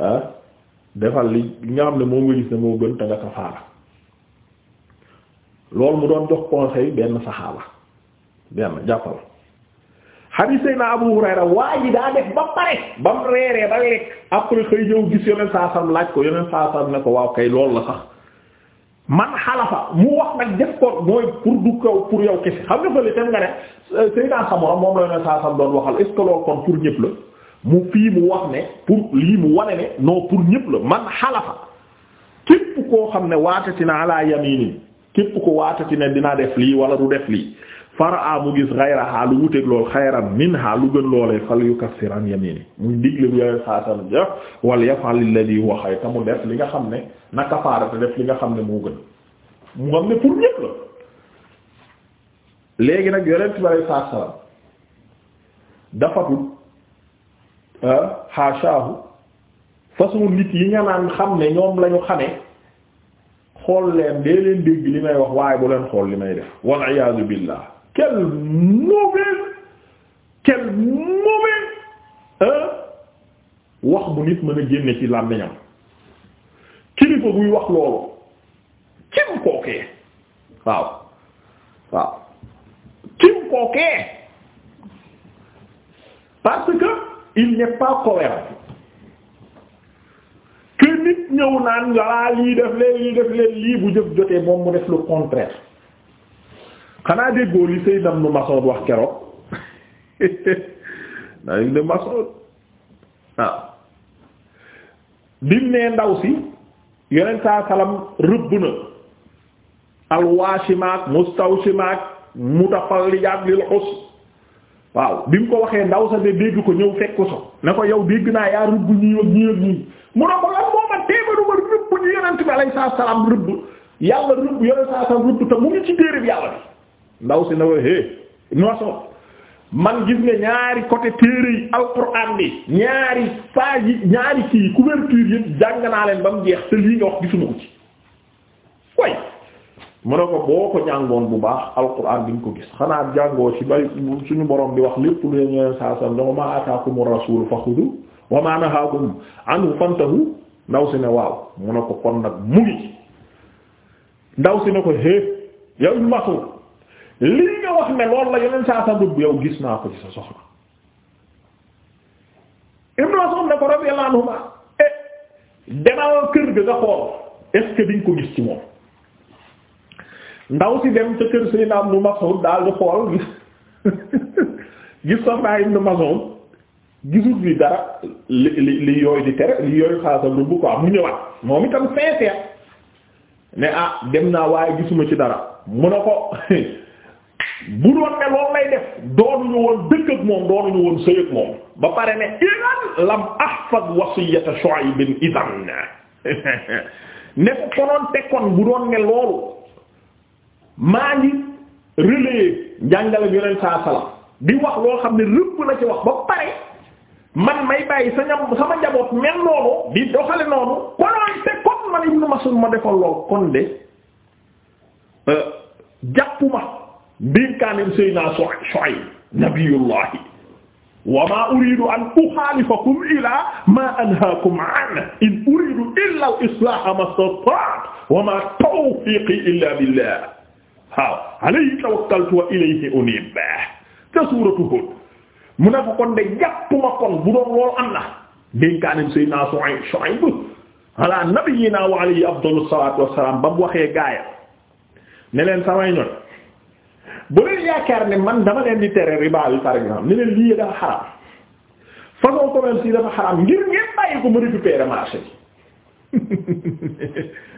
ah defal li nga xam ne moom nga gis ne moo gën te nga kafaara loolu mu doon jox conseil benn saxaaba benn jàppal xadiis Seydina Abu Hurayra waa ji daa def ba pare ba mu reeree ba lekk après xëy ñëw gis yoneen saasam laaj ko yoneen saasam ne ko waaw kay loolu la sax man xalafa mu wax nag def ko mooy pour du kaw pour yow kese xam nga fële tam nga ne Seydina Samura moom la yoneen saasam doon waxal est ce kon pour ñëpp la mu fii mu wax ne pour lii mu wane ne non pour ñëpp la man xalafa képp koo xam ne waatati na ala yamini képp ko waatati ne dina def lii wala du def lii faraa mu gis xayraha lu wuteeg lool xayran minha lu gën loolee fal yukaffir an yamini muy digle bu yore saasana ja wal yafal alladhi huwa xayr mu def li nga xam ne na kafaara te def li nga xam ne moo gën mu xam ne pour ñëpp la léegi nag yore tubaab yi saasana dafa tudd xaashaahu ah, façon nit yi nga naan xam ne ñoom lañu xamee xool leen dee leen dégg li may wax waaye bu leen xool li may def wal iyaadu billah quel mauvais quel mauvais wax bu nit mën a génne ci làmmiñam kilifa buy wax loolu kim kookee waaw waaw kim kookee parce que il n'est pas cohérent que nit ñëw naan walaa lii def leen lii def leen lii bu jëf jotee moom mu def le contraire xanaa déggoo li Seydina Ibn Mas'ud wax keroog ndax Ibn Mas'ud waaw ah. bi mu nee ndaw si yeneen saa salam rëbb na al waashimaak mustawshimaak mutafallijaat lil xus waaw bi mu ko waxee ndaw sa de dégg ko ñëw fekk so na ko yow dégg naa yaa rëbb ñii ak ñii ak ñii mu ne ko lan moo ma téema duma rëbb ñu yonent bi alayhi salaam rëbb yàlla rëbb yonent salaam rëbb te mu ngi ci téere bi yàlla bi ndaw si ne ko hé nooso man gis nga ñaari côté téere yi alquran bi ñaari page yi ñaari kii couverture yëpp jàng naa leen ba mu jeex te lii nga wax gisuma ko ci mu ne ko boo ko jàngoon bu baax alquran bi ñu ko gis xanaa jàngoo ci bay suñu borom bi wax lépp lu leen yoneen saa sallam dama maa ataakumu rasul faxudu wa maa nahaakum anhu fantahu ndaw si ne waaw mu ne ko kon nag mu ndaw si ne ko hé yow Ibn lii nga wax ne loolu la yoneen saa sallam bu yow gis naa ko ci sa soxna Ibn Mas'ud ne ko radiyallahu anhu ma eh demal kër ga nga xool est ce que ko gis ci moom ndaw si dem ca kër Seydina Ibnu Mas'ud daal di xool gis gis soxna Ibnu Mas'ud gisul dara li li li di tere li yooyu xaasal lu bu quoi mu ñëwaat moom itam sincère ne ah dem naa waaye gisuma ci dara mu ne ko bu doon ne loolu lay def doonuñu woon dëkk ak moom doonuñu woon sëy moom ba pare ne idan lam ahfaz wasiyata Shu'ayb idan ne ko konoon te kon bu doon ne loolu maa ngi relayer njàngale yonent saa salaam di wax loo xam ne rëbb la ci wax ba pare man may bàyyi sa ñam sama njaboot mel noonu di doxale noonu konoon te comme man Ibnu Mas'ud ma defoon lool kon de euh, jàppuma ndénkaaneem Seydina Shuayb nabiyullahi wa maa uridu an uxaalifakum ilaa maa anhaakum anhu in uridu illal islaaha mastata'tu wa maa tawfiiqii illaa billaah waaw alayhi tawakkaltu wa ilayhi unib ca suuratu Hud mu ne ko kon de jàppuma kon bu doon loolu am na dénkaanim sayyidina Shuayb ala nabiyyina wa alayhi afdalu salaatu wassalaam ba mu waxee gaaya ne leen samay ñoñ bu leen yaakaar ne man dama leen di tere riba yi par exemple ne leen lii dafa xaraam façon commerce yi dafa xaraam ngir ngeen bàyyi ko mu récupérer marché bi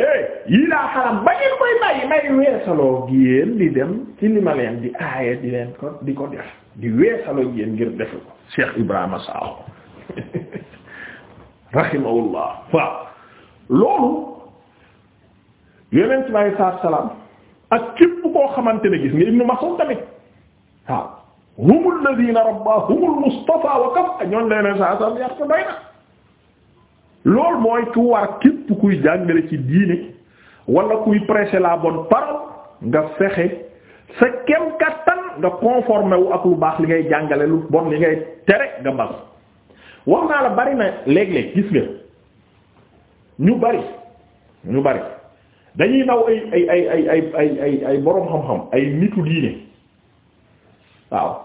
eh yii laa xaram ba ngeen koy bàyyi may weesaloo gi di dem ci li di aaye di leen ko di ko def di weesaloo gi yéen ngir def ko Cheikh Ibrahima Sakho rahimahullah waaw loolu yeneen ci may saa salaam ak képp koo xamante ne gis nga Ibnu Mas'ud tamit waaw humul ladina rabbahumul Mustafa wa kafa ñoon leneen saa salaam yar ko doy na loolu mooy ku war ki kuy jàngale ci diine wala kuy prêcher la bon parole nga fexe sa kem kattan nga conformé wu ak lu baax li ngay jàngale lu bon li ngay tere nga mbal wax naa la bari na léeg-léeg gis nga ñu bari ñu bari dañuy naw ay ay ay ay ay boroom xam-xam ay nitu diine waaw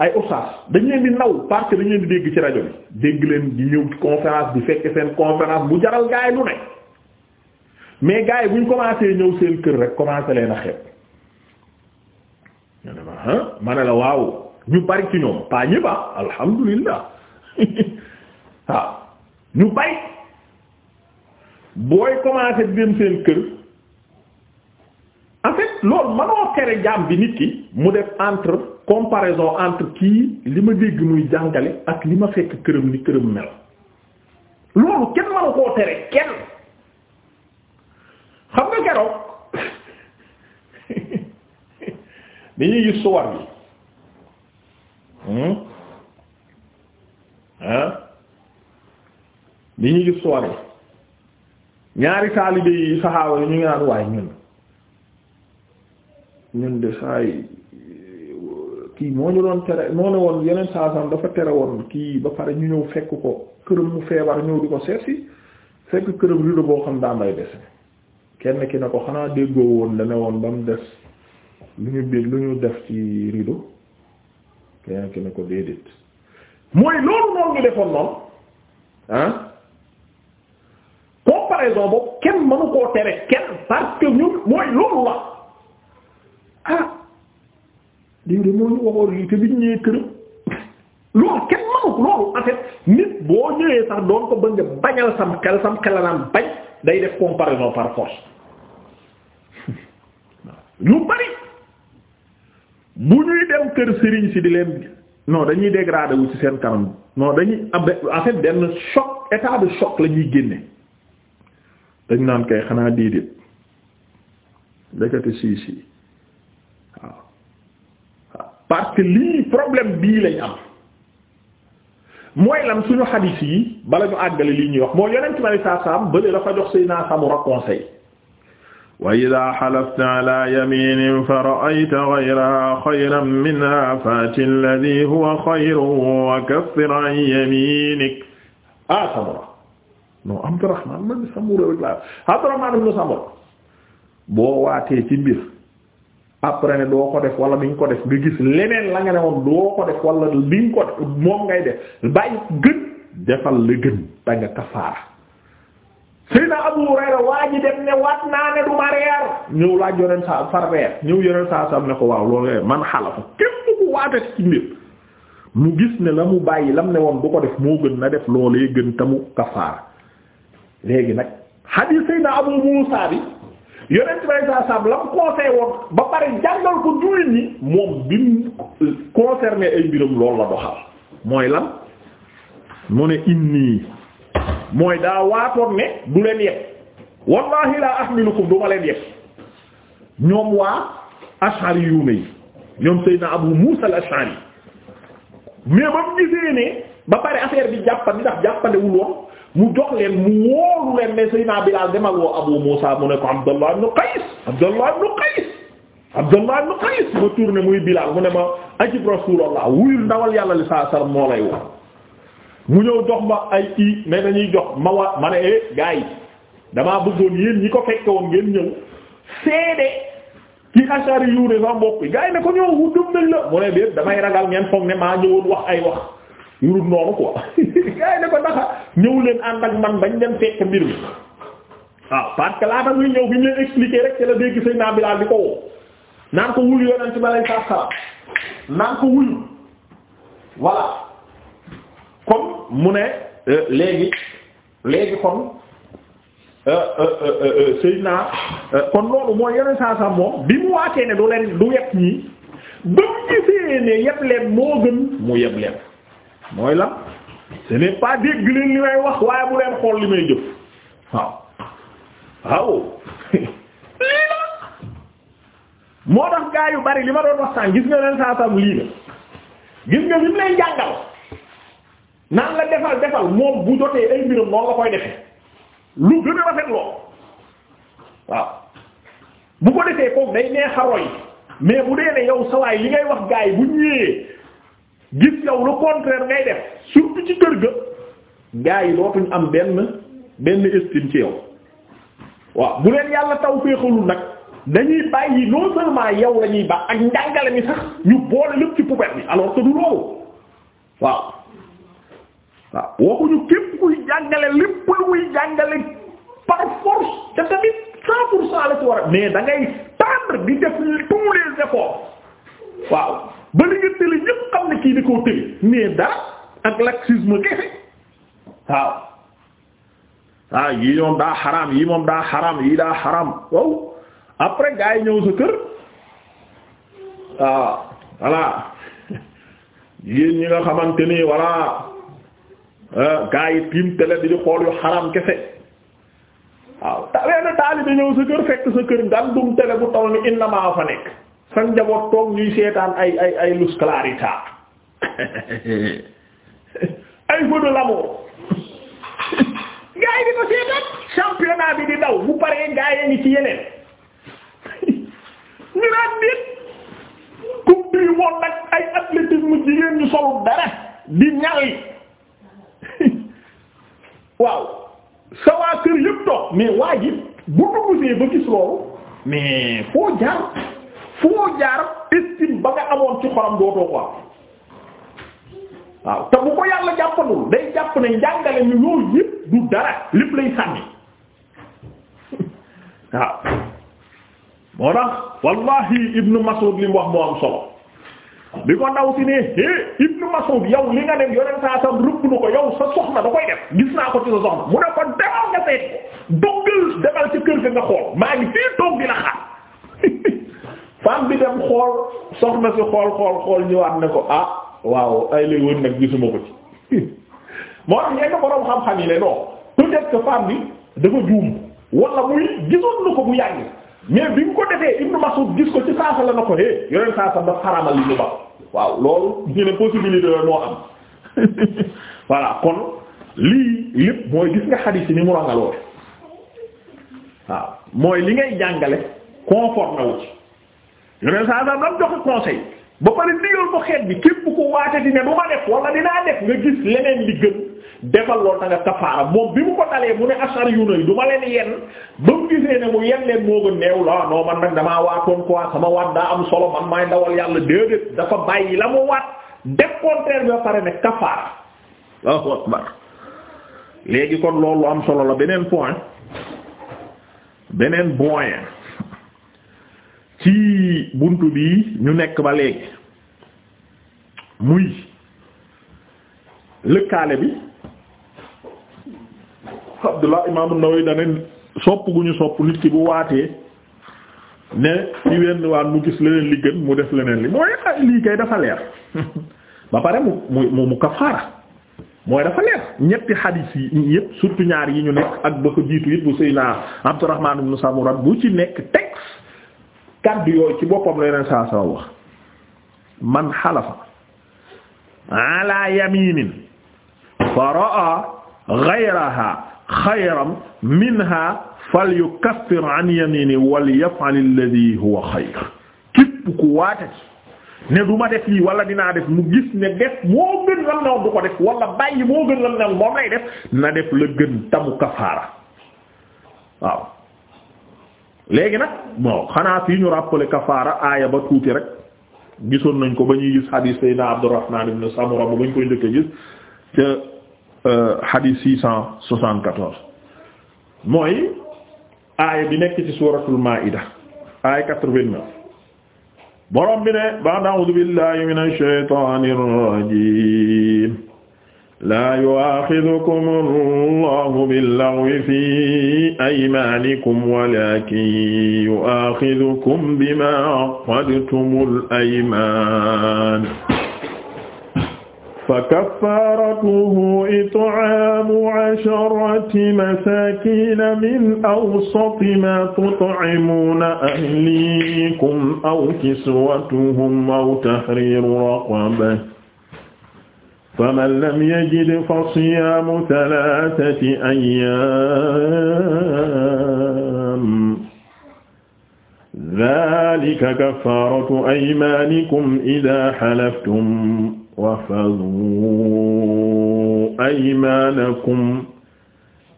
ay ustaas dañu leen di naw parce que dañ leen di dégg ci rajo bi dégg leen di ñëw ci conférence bi fekk seen conférence bu jaral gaay lu ne mais gaay buñ commencé ñëw seen kër rek commencé leen a xeeb ñu la waaw ñu bari ci ñoom pas ñëpp ah alhamdulilah waaw ah, ñu bari booy commencé di dem seen kër en fait loolu mënoo tere jaam bi nit ki mu def entre. comparaison entre kii li ma dégg muy jàngale ak li ma fekk këram ni këram mel loolu kenn manu koo tere kenn xam nga keroog dañuy gis suwar bi ah hmm? dañuy gis suwar yi ñaari taalibe yi saxaaba yi ñu ngi naan waaye ñun ñun de saa yi kii moo ñu doon tere moo ne woon yeneen saa dafa tere woon kii ba pare ñu ñëw fekk ko këram mu feebar ñëw di ko seet fekk këram rido boo xam daa may des kenn ki ne ko xanaa déggoo woon dane woon ba mu des lu ñu biir lu ñu def ci rido kenn ki ne ko déedéet mooy loolu noonu defoon noonu ah comparaison boobu kenn mënu koo tere kenn parce que ñun mooy loolu la ah! lii de moo ñu waxoon lii te biñ ñëwee këram loolu kenn mënu loolu en nit boo ñëwee sax doon ko bëgg bañal sam xel sam xelalaan bañ day def comparaison par force ñu bari bu ñuy dem kër sëriñ si di leen non dañuy dégradé wu ci seen kanam non dañuy en fait benn choc état de choc la ñuy génne dañ naan kay xanaa déedéet ndekete sii sii waaw parce que lii problème bii lañ am mooy lan suñu xadiis yi bala ñu àggale lii ñuy wax moo yonent bi sallallahu alayhi wa sallam bële Samura conseil wa ida xalafta ala yaminin fa raayta gayraha xayran minha Samura non Abdurrahman man Samura rek Samura boo waatee ci mbir après ne doo ko def wala ni ko def nga gis leneen la nga ne woon doo ko def wala li ko def moom ngay def bàyyi gën defal la gën da nga kafaara Sayna Abu Hurayra waa ji dem ne waat naa ne du ma reer ñëw laaj yoneen sa far reer ñëw yoneen saa sam ne ko waaw loolu man xalafa képp ku waatati ci mbir mu gis ne la mu bàyyi lam ne woon du ko def moo gën na def loolee gën tamu kafaara léegi nag hadith Sayna Abu Musa bi yonent bay saa saab la mu woon ba pare jàngal ko jullit ñi moom bi mu ay mbiram loolu la doxal mooy lan mu ne inni mooy daa waatoon ne du leen yépp wallahi laa ahmilukum du ma leen yépp ñoom waa ashari yu yi ñoom Seydina Abu Musa ashari mais ba mu gisee ne ba pare affaire bi jàppandi ndax jàppandewul woon mu jox leen mu wóolu leen ne Seydina Bilaal demal woo Abu Muusa mu ne ko Abdallah ibn Qays Abdallah ibn Qays Abdallah ibn Qays ma tourné mu ne ma ajib Rasulullah wuyul ndawal yàlla li saa sallam moo lay woo mu ñëw jox ma ay i ne dañuy jox ma wa ma ne e gars yi damaa bëggoon yéen ñi ko fekke ngeen ñëw seede ci ashari yu sa mbokk yi gars yi ne ko ñëw wu dëm nañ la mu ne déet damay ragal ngeen foog ne maa ñëwoon wax ay wax yurut noonu quoi gars yi ne ko ndaxa ñëw leen ànd ak man bañ dem fekk mbir mi waaw ah, parce que laata ñëw bi ñu leen expliquer rek ci la dégg sëy naa Bilaal di ko woo naan ko wul yonent bi alayhi salaam naan ko wul voilà comme mu ne euh, léegi léegi kon euh, euh, sëy naa kon loolu mooy yonent saa saa moom bi mu waatee ne du leen du yeb ñii ba mu gisee ne yeb moo gën mu yeb leen mooy la ce n'est pas dégg leen li may wax waaye bu leen xool li may jëf waaw waaw moo tax gaa yu bari li ma doon wax sànq gis nga leen saa sam lii la gis nga li lay jàngal naan la defal defal moom bu jotee ay mbiram noonu la koy defee lu gën a rafet lool waaw bu ko defee kooku day neex a roy mais bu dee ne yow sawaay li ngay wax gaa yi bu ñëwee gis yow le contraire ngay def surtout ci kër ga gaa yi dootuñ am benn benn estime ci yow waaw bu leen yàlla tawféexalul nag dañuy bàyyi non seulement yow la baax ak njàngale mi sax ñu boole lépp ci poubelle bi alors que loolu waaw waxuñu képp kuy jàngale lépp muy jàngale par force te tamit cent pour cent ci war mais da ngay tendre def tous les efforts waaw ba li nga tële ñëpp xam ne kii da koo tële mais dara ak laxisme kese waaw waaw yii moom daa xaraam yii moom daa xaram yii daa xaraam wow après gars yi ñëw sa kër waaw voilà yéen ñi nga xamante ni voilà euh, gars yi tiim tele di di xool yu xaraam kese waaw ta- wenn taalibe ñëw sa kër fekk sa kër ngandum tele bu toll ni inna maa fa nekk sa njaboot toog ñuy seetaan ay ay ay Luz Clarita ay feu de l'amour ko seetaan championnat bi di daw bu paree gaa yi ngi ci yeneen ñu naan nit coupe du monde nag ay athlétisme jigéen ñu solu dara di ñali waaw sa waa kër yëpp toog mais waa bu dugg see ba gis loolu mais foo jaar foo jaar estime ba nga amoon ci xolam dootoo ko am waaw te bu ko yàlla jàppanul day jàpp ne njàngale mi loolu yépp du dara lépp lay sànni waaw moo tax wallahi ibnu Mas'ud li mu wax moo am solo bi ko ndaw si ne é ibnu Mas'ud yow li nga dem yoneen saa sam rëbb nu ko yow sa soxna da koy def gis naa ko ci sa soxna mu ne ko demal nga seet doggal demal ci kër ga nga xool maa ngi fii toog la xaar femme bi dem xool soxna si xool xool xool ñëwaat ne ko ah waaw ay lay woon nag gisuma ko ci moo tax ñenn borom xam-xam yi ne non peut-être que femme bi dafa juum wala muy gisoon na ko bu yàgg mais bi mu ko defee Ibnu Mas'ud gis ko ci saasa la na ko hé yeneen saasa daf xaramal li ñu ba waaw loolu ñu ne possibilité la moo am kon lii lépp mooy gis nga xadiis yi ni mu rangaloo waaw mooy li ngay jàngale conforme wu ci. yoneen saa saa dam joxe conseil ba pare digal ko xeet bi képp ku waatati ne bu ma def wala dinaa def nga gis leneen li gën defal lool ta kafaara moom bi mu ko dalee mu ne asar yu nay du ma leen yenn ba mu gisee ne mu yenn leen moo gën neew la non man nag damaa waatoon quoi sama waat daa am solo man maay dawal yàlla déedéet dafa bàyyi la mu waat def contraire bi ba pare ne kafaara léegi kon loolu am solo la beneen point beneen point ci bunt bi ñu nekk ba léegi muy lëkkaale bi Abdullah imaamu Nawawi dane sopp gu ñu sopp nit ki bu waatee ne ci wenn waan mu gis leneen li gën mu def leneen li mooy ah, lii kay dafa leer ba pare mu mu mu kafaara mooy dafa leer ñetti xadiis yi yépp surtout ñaar yi ñu nekk ak ba ko jiitu it bu Seydina Abdurrahman ibn bu ci nekk texte kaddu yooyu ci boppam la yeneen saa sama wax man xalafa ala yaminin fa raa gayraha xayran minha falyukaffir an yamini walyafal alladi huwa xayr képp ku waate ne du ma def lii wala dinaa def mu gis ne def moo gën lam ne woon du ko def wala bàyyi moo gën lam ne woon moom lay def na def la gën tamu kafaara waaw léegi nag bon xanaa fii ñu rappelé kafaara aaya ba tuuti rek gisoon nañ ko ba ñuy gis xadiis Seydina Abdurrahman ibn Samura ba ñu koy njëkk a gis ca euh, mooy aaya bi nekk ci suuratul Maa'ida aaya quatre-vingt-neuf borom bi ne ba'da a'uuzu billaahi minash shaytaanir rajiim laa yu'aaxizukum allahu bil-laghwi fii aymaanikum walaakin yu'aaxizukum bimaa 'aqadtumul aymaan fakaffaaratuhu it'aamu 'asharati masaakiina min awsati maa tut'imuuna ahliikum aw kiswatuhum aw tahriiru raqabatin faman lam yajid fa siyaamu talaatati ayyaam zaalika kaffaaratu aymaanikum idaa halaftum wahfazuu aymaanakum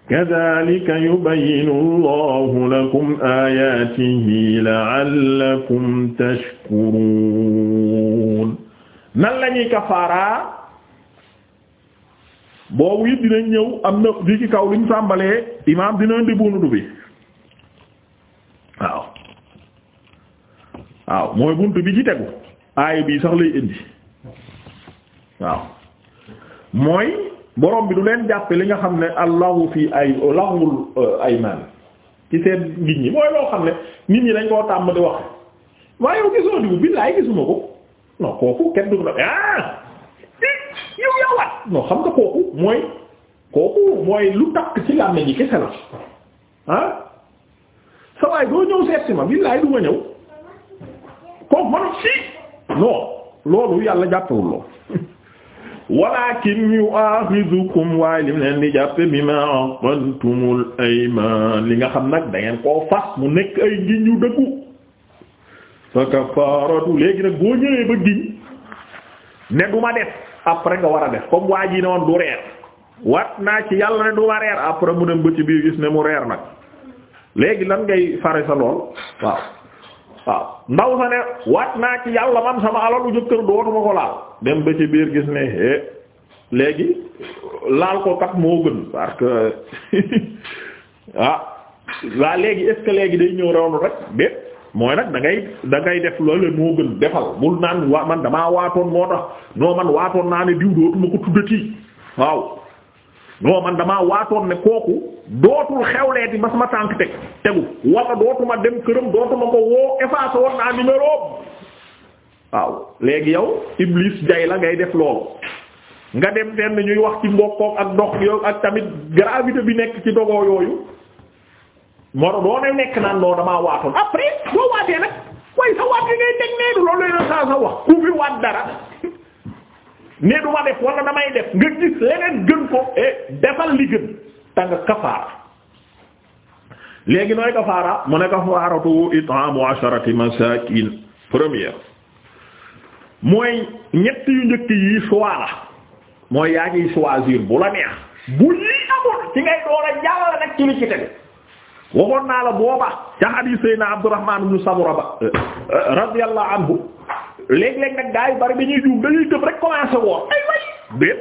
kazaalika yubayyinu Allaahu lakum aayaatihi la'allakum tashkuruun nan lañuy kafaara boobu it dinañ ñëw am na di ci kaw luñ tàmbalee imaam dina indi buntu bi waaw waaw mooy buntu bi ci tegu aaya bii sax lay indi waaw mooy borom bi du leen jàppe li nga xam ne allahu fi ay lahul uh, ayman ci seen nit ñi mooy loo xam ne nit ñi dañ koo tàmm di wax waaye yow gisoo diw billaay gisuma ko non kooku kenn du ko ah non xam nga kooku mooy kooku mooy lu takk ci làmmiñ yi kese la ah sa doo ñëw seet si ma billaay du ma ñëw kooku manu si non loolu yàlla jàppewul lool walakin yu'akhidhukum waaye lim leen di jàppe bima aqadtumul ayman li nga xam nag da ngeen koo fas mu nekk ay giñ yu dëggu fa kafaratu léegi nag boo ñëwee ba giñ ne duma def après nga war a def comme waa ji ne woon du reer wat naa ci yàlla ne du ma reer après mu dem ba ci biir gis ne mu reer nag léegi lan ngay fare sa lool waaw waaw ndaw sa ne wat naa ci yàlla man sama alalu jëkkër dootuma ko laal dem ba ci biir gis ne é eh, léegi laal ko kat moo gën parce que ah waa léegi est léegi day ñëw rawnu rek déet mooy nag dangay dangay da ngay def loolu moo gën defal bul naan waa man damaa waatoon moo tax noo man waatoon naa ne diw dootuma ko tuddati waaw noo man damaa waatoon ne kooku dootul xewleeti ba sama tànk teg tegu wala dootuma dem këram dootuma ko woo effacé woon naa numéro waaw léegi yow Iblis jay la ngay def loolu nga dem fenn ñuy wax ci mbokkook ak dox yooyu ak tamit gravité bi nekk ci dogoo yooyu moo doon doonay nekk naan noo damaa waatoon après boo waatee nag waaye sa waat gi ngay teg nee du loolu la saa sa wax ku fi waat dara nee du ma def wala damay def nga gis leneen gën ko eh, defal li gën ta nga kafaara léegi nooy kafaara mu ne kafaaratu it'amu asharati masakin première mooy ñett yu njëkk yi choix la mooy yaa ngi choisir bu la neex bu lii amul ci ngay door a jàllale nag ci ci tegu waxoon naa la booba ca hadith Seydina Abdurrahman ibn Samura ba euh, euh, radiyallahu anhu léeg-léeg nag gaa yu bari bi ñuy juum dañuy tëb rek commencé woor ay way déet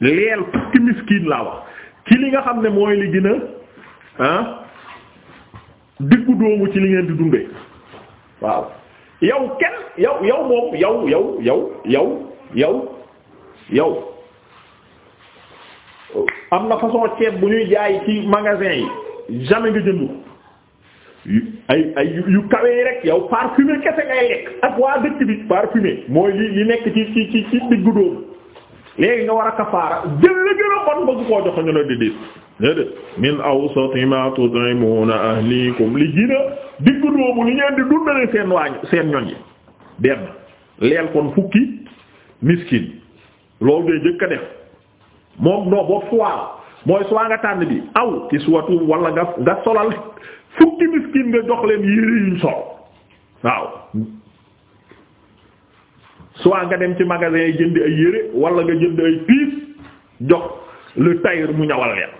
leel fukki miskiin laa wax ci li nga xam ne mooy li gën a ah diggu doomu ci li ngeen di dundee waaw yow kenn yow yow moom yow yow yow yow yow yow am na façon ceeb bu ñuy jaay ci magasin yi jamais nga jëndu ay ay yu kawee rek yow parfumé kese ngay lekk ak waa dëkk bi parfumé mooy li li nekk ci ci ci diggu dóomu léegi nga war a kafaara jël la gën a bon bëgg koo jox ñu la di diis déedéet min awsati ma tut'imuna ahlikum li gina diggu dóomu li ngeen di dundale seen waañ seen ñoñ yi benn leel kon fukki miskin loolu ngay jëkk a def moom noo boo foir mooy su nga tànn bi aw kiswatum wala nga nga solal fukki miskin nga jox leen yére yu sol waaw su nga dem ci magasin yi jënd ay yére wala nga jënd ay pièces jox le tailleur mu ñawal leen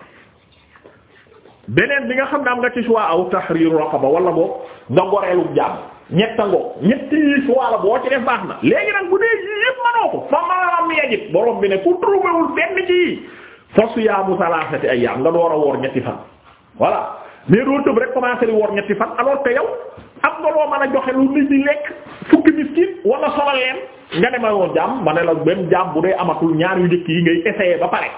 beneen bi nga xam ne am nga ci choix aw tahrir raqaba wala boobu nga goreelu jàmm ñetta ngoo ñetti yi choix la boo ci def baax na léegi nag bu dee yii yépp manoo ko fa maam yajib borom bi ne ku trouvéwul benn ci fa siyaamu salaasati ayyaam nga door a woor ñetti fan voilà mais doo tëb rek commencé di ñetti fan alors que yow am nga loo mën a joxe lu nit di lekk fukki miskin wala solal leen nga ne ma jaam ma ne la benn jaam bu dee amatul ñaar yu njëkk yi ngay essayer ba pare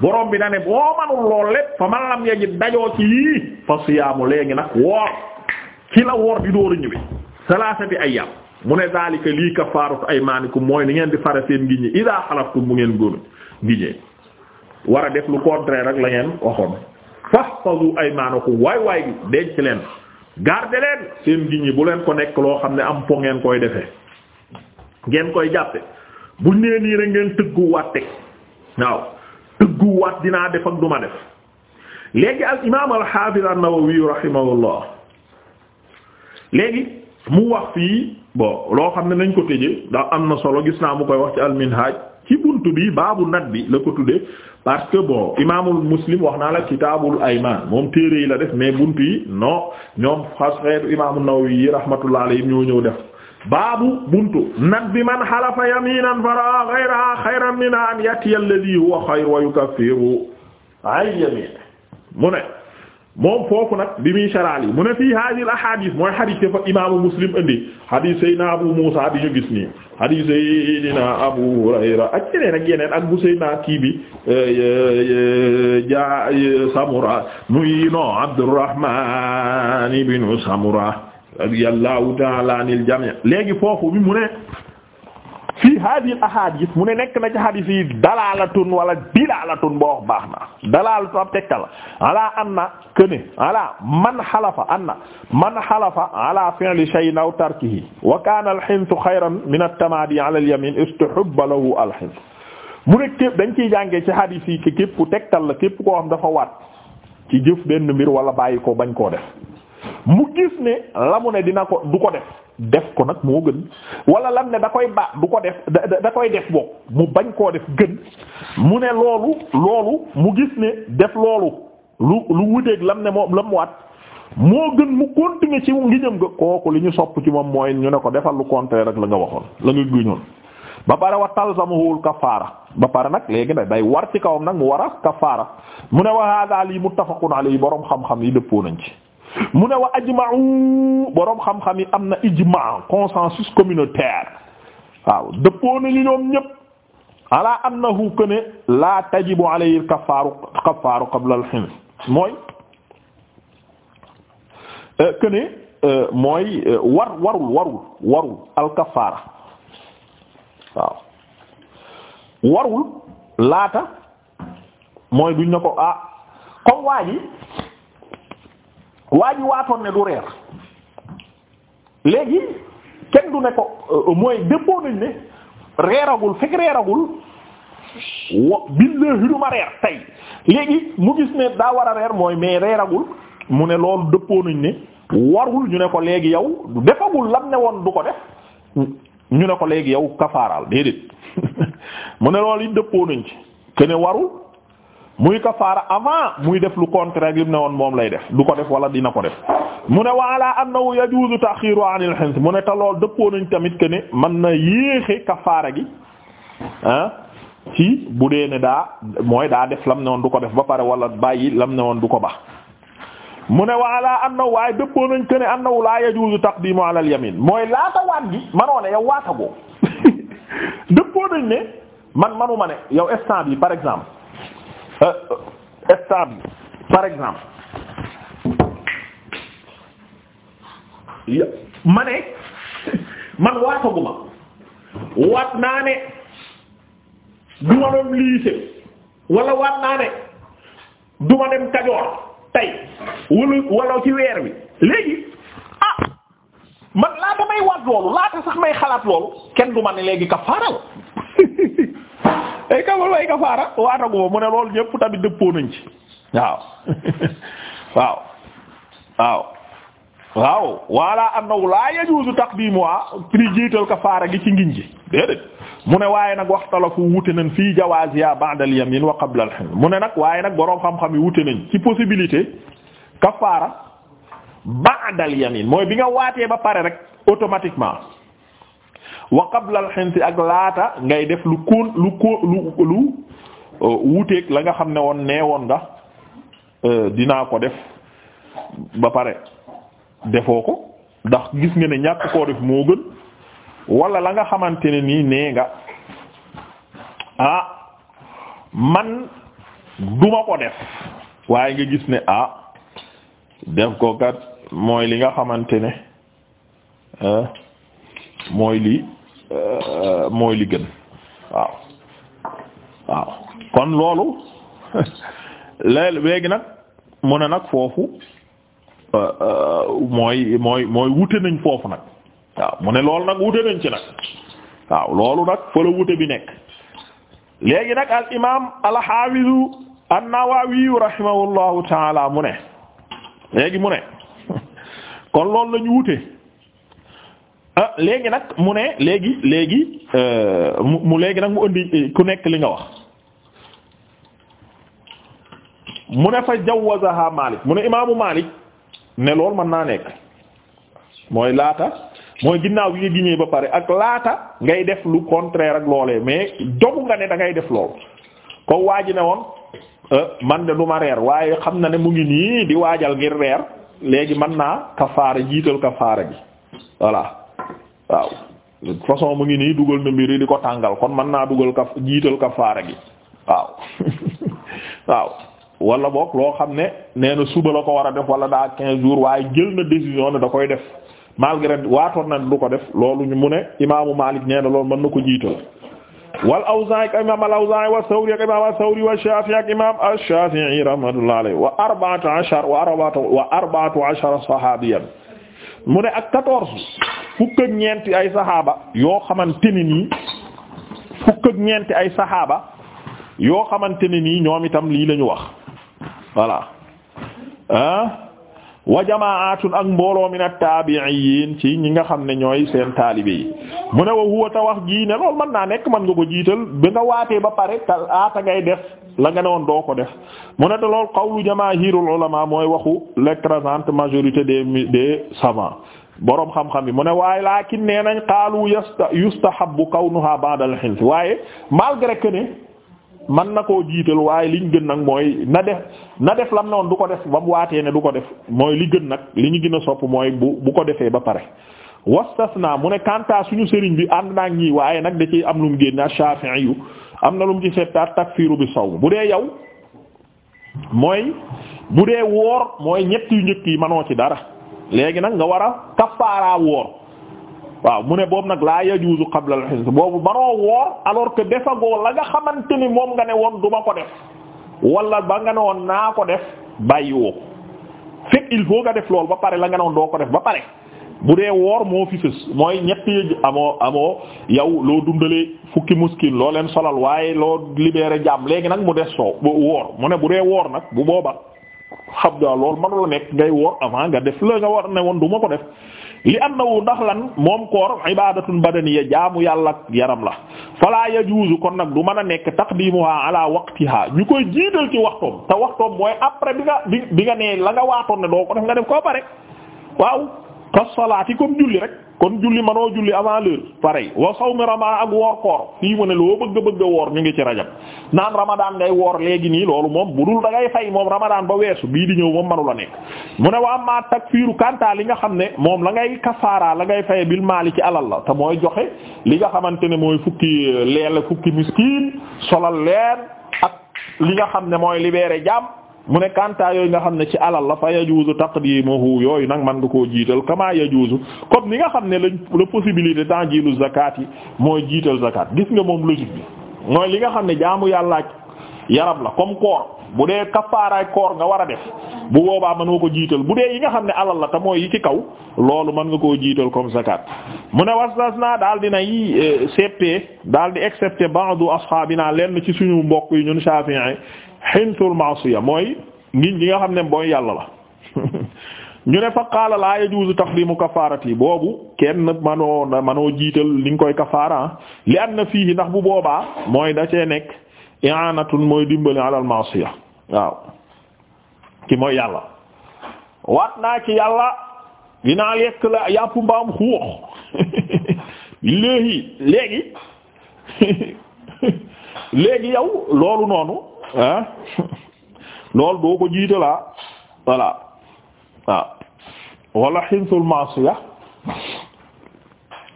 borom bi na ne boo manul lool lépp fa man lam yegi dajoo ci yii fa siyaamu léegi nag woor ci la woor di door a ñëwee salaasati ayyaam mu ne daalika lii kafaaratu aymaanikum mooy ni ngeen di fara seen ngiñ ñi idaa xalaftum bu war a def lu contraire rek la ngeen waxoon fahfazu aymaanakum waay waay gi denc leen garde leen seen ngiñ yi bu leen ko nekk loo xam ne am po ngeen koy defee ngeen koy jàppe buñ nee nii rek ngeen tëggu watte waaw tëggu wat dinaa def ak duma def léegi al imaam al xaafis an-Nawawi rahimahullah léegi mu wax fii bon loo xam ne nañ ko tëjee ndax am na solo gis naa mu koy wax ci al minhaj ci buntu bi baabu nat bi la ko tuddee parce que bon imaamul muslim wax naa la kitaabul ayman moom téere yi la def mais buntu yi non ñoom xasxeetu imaamu Nawawi yi rahmatullah alayhi ñoo ñëw def baabu buntu nat bi man xalafa yaminan fara ghayra khayran min an yati huwa khayr wa yukaffiru ay yamin mu ne moom foofu nag bi muy saraal yi mu ne fii hadhihi al ahadith mooy hadith dafa imaamu muslim indi hadith Seydina Abu Musa bi ñu gis nii hadith Seydina Abu Hurayra ak yeneen ak bu Seydina kii bi euh, euh, ja euh, Samura muy no Abdurrahman ibn Samura radiyallahu ta'ala anil jami' léegi foofu bi mu ne fii hadi al ahadith mu ne nekk na ci hadith yi dalalatun wala dilalatun boo wax baax na dalalatun ab tegtal ala anna kene ala man xalafa anna man xalafa ala fi'li shay'in aw tarkihi wa kana al hinthu xayran min at-tamadi ala al yamin istuhibba lahu al hinthu mu ne képp dañ ciy jàngee ci hadith yi képp tegtal la képp koo xam dafa waat ci jëf benn mbir wala bàyyi ko bañ koo def mu gis ne la mu ne dina ko du ko def def ko nag moo gën wala lam ne da koy ba du ko def da koy def bokk mu bañ koo def gën mu ne loolu loolu mu gis ne def loolu lu lu wuteeg lam ne moom lam waat moo gën mu continuer ci ngiñam nga kooku li ñu sopp ci moom mooy ñu ne ko defal lu contraire rek la nga waxoon la nga gëñoon ba pare wa talzamuhul kafaara ba pare nag léegi nag day war ci kawam nag mu war a kafaara mu ne wa hada li muttafaqun alayhi boroom xam yi dëppoo nañ mu ne wa ajma'u boroom xam-xam yi am na ijma consensus communautaire waaw dëppoo nañu ñoom ñépp ala annahu kaana la tajibu alayhi al-kaffaaru kaffaaru qabla al-hins mooy euh, kaana euh, mooy euh, war warul warul warul al-kaffaara waaw warul laata mooy duñ na ko ah comme waa ji waa ji waatoon ne du reer léegi kenn du ne ko euh, mooy dëppoo nañ ne reeragul fekk reeragul wa billahi duma reer tey léegi mu gis ne daa war a reer mooy mais reeragul mu ne loolu dëppoo nañ ne warul ñu ne ko léegi yow defagul lam ne woon du ko def ñu ne ko léegi yow kafaaral déedéet mu ne loolu yi dëppoo nañ ci kene warul muy kafaara avant muy def lu contraire lim ne woon moom lay def du ko def wala dina ko def mu ne wa ala annahu yajuzu ta'khiru 'anil hins mu ne te lool dëppoo nañ tamit que ne mën na yéexe kafaara gi ah ci bu dee ne daa mooy daa def lam ne woon du ko def ba pare wala bàyyi lam ne woon du ko baax mu ne wa ala annahu waaye dëppoo nañ que ne annahu la yajuzu taqdimu 'ala al-yamin mooy laata waat gi manoo ne yow waata boo dëppoo nañ ne man manuma ne yow instant bi par exemple état euh, bi par exemple ma ne man waataguma waat naa ne duma dem lycée wala waat naa ne duma dem Kajoor tey wala wala ci weer wi léegi ah man laata may waat loolu laata sax may xalaat loolu kenn du ma ne léegi ka faral Eh, ay kawal way kafaara waataguma mu ne loolu ñëpp tamit dëppoo nañ ci waaw waaw waaw waaw wala annahu la yajuzu taqdimuha ah, prix jiital kafaara gi ci ngiñ gi déedéet mu ne waaye nag waxtalafu wute nañ fii jawaziya ba'da al-yamin wa qabla al-hilm mu ne nag waaye nag boroom xam-xam yi wute nañ ci possibilité kafaara ba'da al-yamin mooy bi nga waatee ba pare rek automatiquement wa qabla al ak laata ngay def lu koon lu ko lu lu euh, wuuteeg la nga xam ne woon nee woon nga euh, dinaa ko def ba pare defoo ko ndax gis nga ne ñàkk koo def moo gën wala la nga xamante ne nii nee nga ah man duma ko def waaye nga gis ne ah def ko kat mooy li nga xamante ne euh, mooy lii Euh, mooy li gën waaw waaw kon loolu léegi nag mu ne nag foofu euh, euh, mooy mooy mooy wute nañ foofu nag waaw mu ne loolu nag wute nañ ci nag waaw loolu nag fa la wute bi nekk léegi nag al imaam al xaafizu an-Nawawi rahimahullahu taala mu ne léegi mu ne kon loolu lañu wute ah léegi nag mu ne léegi léegi euh, mu léegi nag mu indi eh, ku nekk li nga wax mu ne fa jawazaha Malik mu ne imaamu Malik ne loolu mën naa nekk mooy laata mooy ginnaaw yi nga giñee ba pare ak laata ngay def lu contraire ak loole mais dogu nga ne da ngay def lool ko waa ji ne woon euh, man de du ma reer waaye xam na ne mu ngi nii di waajal ngir reer léegi mën naa kafaara jiital kafaara gi voilà waaw façon mu ngi nii dugal na mbir yi di ko tàngal kon mën naa dugal ka jiital kafaara gi waaw waaw wala loo xam ne nee na suba la ko war a def wala daa quinze jours waaye jël na décision ne da koy def malgré waatoon na du ko def loolu mu ne imaamu Maalik nee na loolu mën na ko jiital wal Awzaa'i ak imaam al Awzaa'i wa Sawri ak imaam wa Shaafi'i ak imaam ash-Shaafi'i rahmatullahi alayhi wa arba'atu ashara wa arba'atu wa arba'atu mu ne ak quatorze fukk ak ñeenti ay saxaaba yoo xamante ne nii fukk ñeenti ay saxaaba yoo xamante ne nii ñoom itam lii la wax voilà ah wa jamaatun ak mbooloo min at-taabi'iin ci ñi nga xam ne ñooy seen taalibe yi mu ne wa huwa ta wax jii ne loolu mën naa nekk mën nga ko jiital ba nga waatee ba pare te aata ngay def la nga ne woon doo ko def mu ne te loolu qawlu jamaahirul ulama mooy waxu l'écrasante majorité des des savants boroom xam-xam bi mu ne waaye laakin nee nañ qaalu yustahabbu kawnuha ba'da al-hilf waaye malgré que ne man na ko jiital waaye liñ gën nag mooy na def na def lam noonu du ko def ba mu waatee ne du ko def mooy li gën nag li ñu gën a sopp mooy bu bu ko defee ba pare naa mu ne kanta suñu sëriñ bi ànd naa ñi waaye nag da ciy am lu mu génne Shafi'i yu am na lu mu ci seetaat takfiru bi sawm bu dee yow mooy bu dee woor mooy ñett yu njëkk yi manoo ci dara léegi nag nga war a kafaara woor waaw mu ne boobu nag laa yajuuzu qabla al-hins boobu baroo woor alors que defagoo la nga xamante ni moom nga ne woon duma ko def walla ba nga ne woon naa ko def bàyyi woo fekk il faut nga def loolu ba pare la nga ne woon ko def ba pare bu dee woor moo fi fës mooy ñett amoo amoo yow loo dundalee fukki muskin loo leen solal waaye loo libéré jàmm léegi nag mu des soo woor mu ne bu dee woor nag bu booba xam nga loolu mënula nekk ngay woor amaa nga def la nga war ne woon du ma ko def li annahu ndax lan moom koor ibadatun badaniya jaamu yàlla ak yaram la fala yajuzu kon nag du mën a nekk taqdimuha ala waqtiha ñu koy jiital ci waxtoom te waxtoom mooy après bi nga bi nga nee la nga waatoon ne doo ko def nga def koo pare waaw ka salaati comme julli rek kon julli manoo julli avant l'heure pareil wa sawmi ramadan ak woor koor fii mu ne loo bëgg bëgg woor ñu ngi ci rajab naan ramadan ngay woor léegi nii loolu moom bu dul da ngay fay moom ramadan ba weesu bii di ñëw moom manu la nekk mu ne waa ma takfiiru kanta li nga xam ne moom la ngay kafaara la ngay faye bil maali ci alal la te mooy joxe li nga xamante ne mooy fukki euh, leela fukki miskin solal leer ak li nga xam ne mooy libéré jaam mu ne kanta yooyu nga xam ne ci alal la fa yajuzu taqdimuhu yooyu nag man nga koo jiital kama yajuzu comme ni nga xam ne la possibilité temps jiilu zakat yi mooy jiital zakat gis nga moom logique bi mooy li nga xam ne jaamu yàllaaj yaram la comme koor bu dee kafaaraay koor nga war a def bu boobaa mën nga ko jiital bu dee yi nga xam ne alal la te mooy yi ci kaw loolu mën nga koo jiital comme zakat mu ne waslas naa daal dinay eh, seppee daal di excepté ba'du ashaabina lenn ci suñu mbokk yi ñun Shafi'i xintul maasiya mooy ngiñ gi nga xam ne mooy yàlla la ñu ne fa qaala laa yajuuzu taqdiimu kafaarati boobu kenn manoo manoo jiital li koy kafaara li am na fii ndax bu boobaa mooy da cee nekk i'aanatun mooy dimbali alal maasiya waaw ki mooy yàlla waat naa ci yàlla dinaa lekk la yàpp mbaam xuux léegi léegi léegi yow loolu noonu ah loolu doo ko jiitalaa voilà waaw wala xinsul maasiya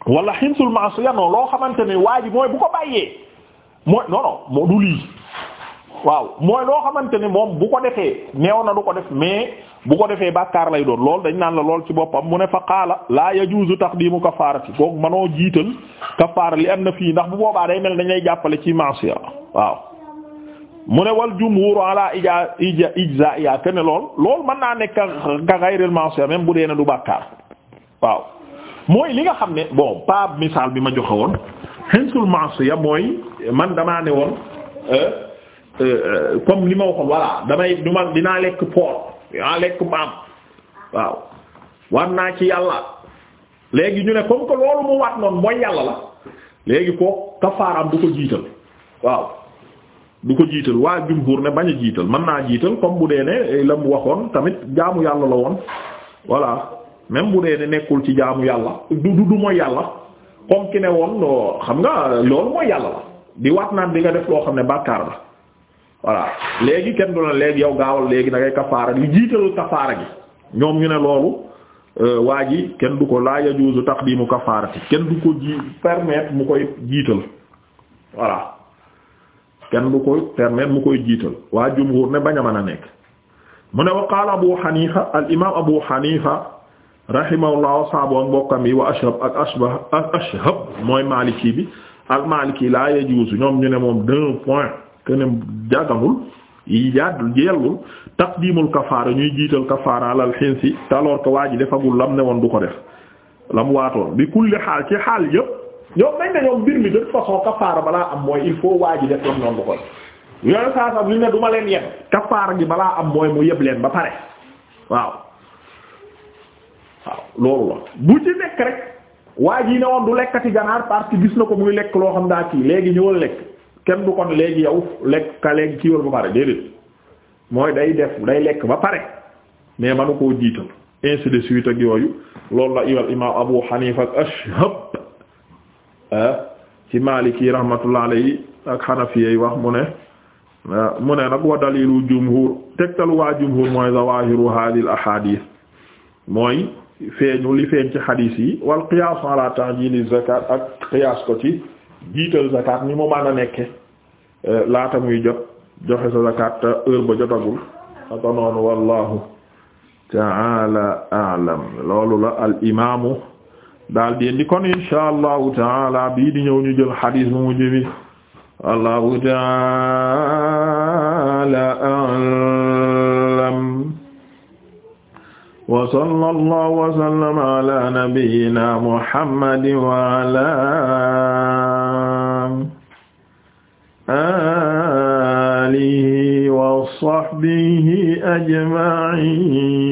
wala xinsul maasiya non loo xamante ne waa ji mooy bu ko bàyyee mooy non non moo du lii waaw mooy loo xamante ne moom bu ko defee neew na du ko def mais bu ko defee bàkkaar lay doon lool dañ naan la lool ci boppam mu ne fa qaala laa yajuuzu taqdiimu kafaarati kooku mënoo jiital kafaara li am na fii ndax bu boobaa day mel dañ lay jàppale ci maasiya waaw. mu ne wal jumhur ala ija ija ijza ya te ne lool lool mën naa nekk ka ghayril ma'siya même bu dee ne du bàkkaar waaw mooy li nga xam ne bo pas misaal bi ma joxe woon hinsul ma'siya mooy man damaa ne woon euh, euh, comme li ma waxoon voilà damay du dinaa lekk poor dinaa lekk maam waaw war naa ci yàlla léegi ñu ne comme que loolu mu waat noonu mooy yàlla la léegi foofu kafaaram du ko jiital waaw du ko jiital waa jumhur ne bañ a jiital mën naa jiital comme bu dee ne la mu waxoon tamit jaamu yàlla la woon voilà même bu dee ne nekkul ci jaamu yàlla du du du mooy yàlla comme ki ne woon xam nga loolu mooy yàlla la di waat naan di nga def loo xam ne bàkkaar la voilà léegi kenn du na léegi yow gaawal léegi da ngay kafaara li jiital kafaara gi ñoom ñu ne loolu euh, waa ji kenn du ko laaja laa yajuuzu taqdimu kafaarati kenn du ko ji permettre mu koy jiital voilà kenn du koy permettre mu koy jiital waa jumhur ne bañ a mën a nekk mu ne wa qaala abu xanifa al imam abu xanifa rahimahullah saabu ak mbokkam yi wa ashab ak ashbah ak ashab mooy maliki bi al maliki laa yajuuzu ñoom ñu ne moom d'un point que ne jàgganul yi jaadul jellul taqdimul kafaara ñuy jiital kafaara alal xinsi te alors que waa ji defagul lam ne woon du ko def lam waatoon bi kulli xaal ci xaal yëpp ñoom nañ ne ñoom mbir mi de toute façon kafaara balaa am mooy il faut waa ji def lam noonu bu koy yoneen saa sam li ne du ma leen yeb kafaara gi balaa am mooy mu yeb leen ba pare waaw waaw loolu la bu ci nekk rek waa ji ne woon du lekkati ganaar parce gis na ko muy lekk loo xam daa kii léegi ñëwal lekk kenn du kon léegi yow lekk ka léegi kiiwal ba pare déedéet mooy day def day lekk ba pare mais manu koo jiital ainsi de suite ak yooyu loolu la iwal imam Euh, ci Maliki rahmatullah alayhi ak Hanafiyyi wax mu ne euh, mu ne nag wa dalilu jumhur tegtalu waa jumhur mooy zawahiru hadhihi al ahadith mooy feeñu li feeñ ci hadith yi wal qiyas ala ta'jil zakat ak qiyas ko ci jiital zakat ni mu mën nekke euh, laata muy jot joxe sa zakat te heure jotagul aka noonu wallahu ta'ala a'lam loolu la al imamu daal di indi kon insha allahu taala bii di ñëw ñu jël xadiis bu mujj bi allahu taala a'lam wa sallallahu wa sallama ala nabiyyina muhammadin wa ala alihi wa sahbihi ajma'in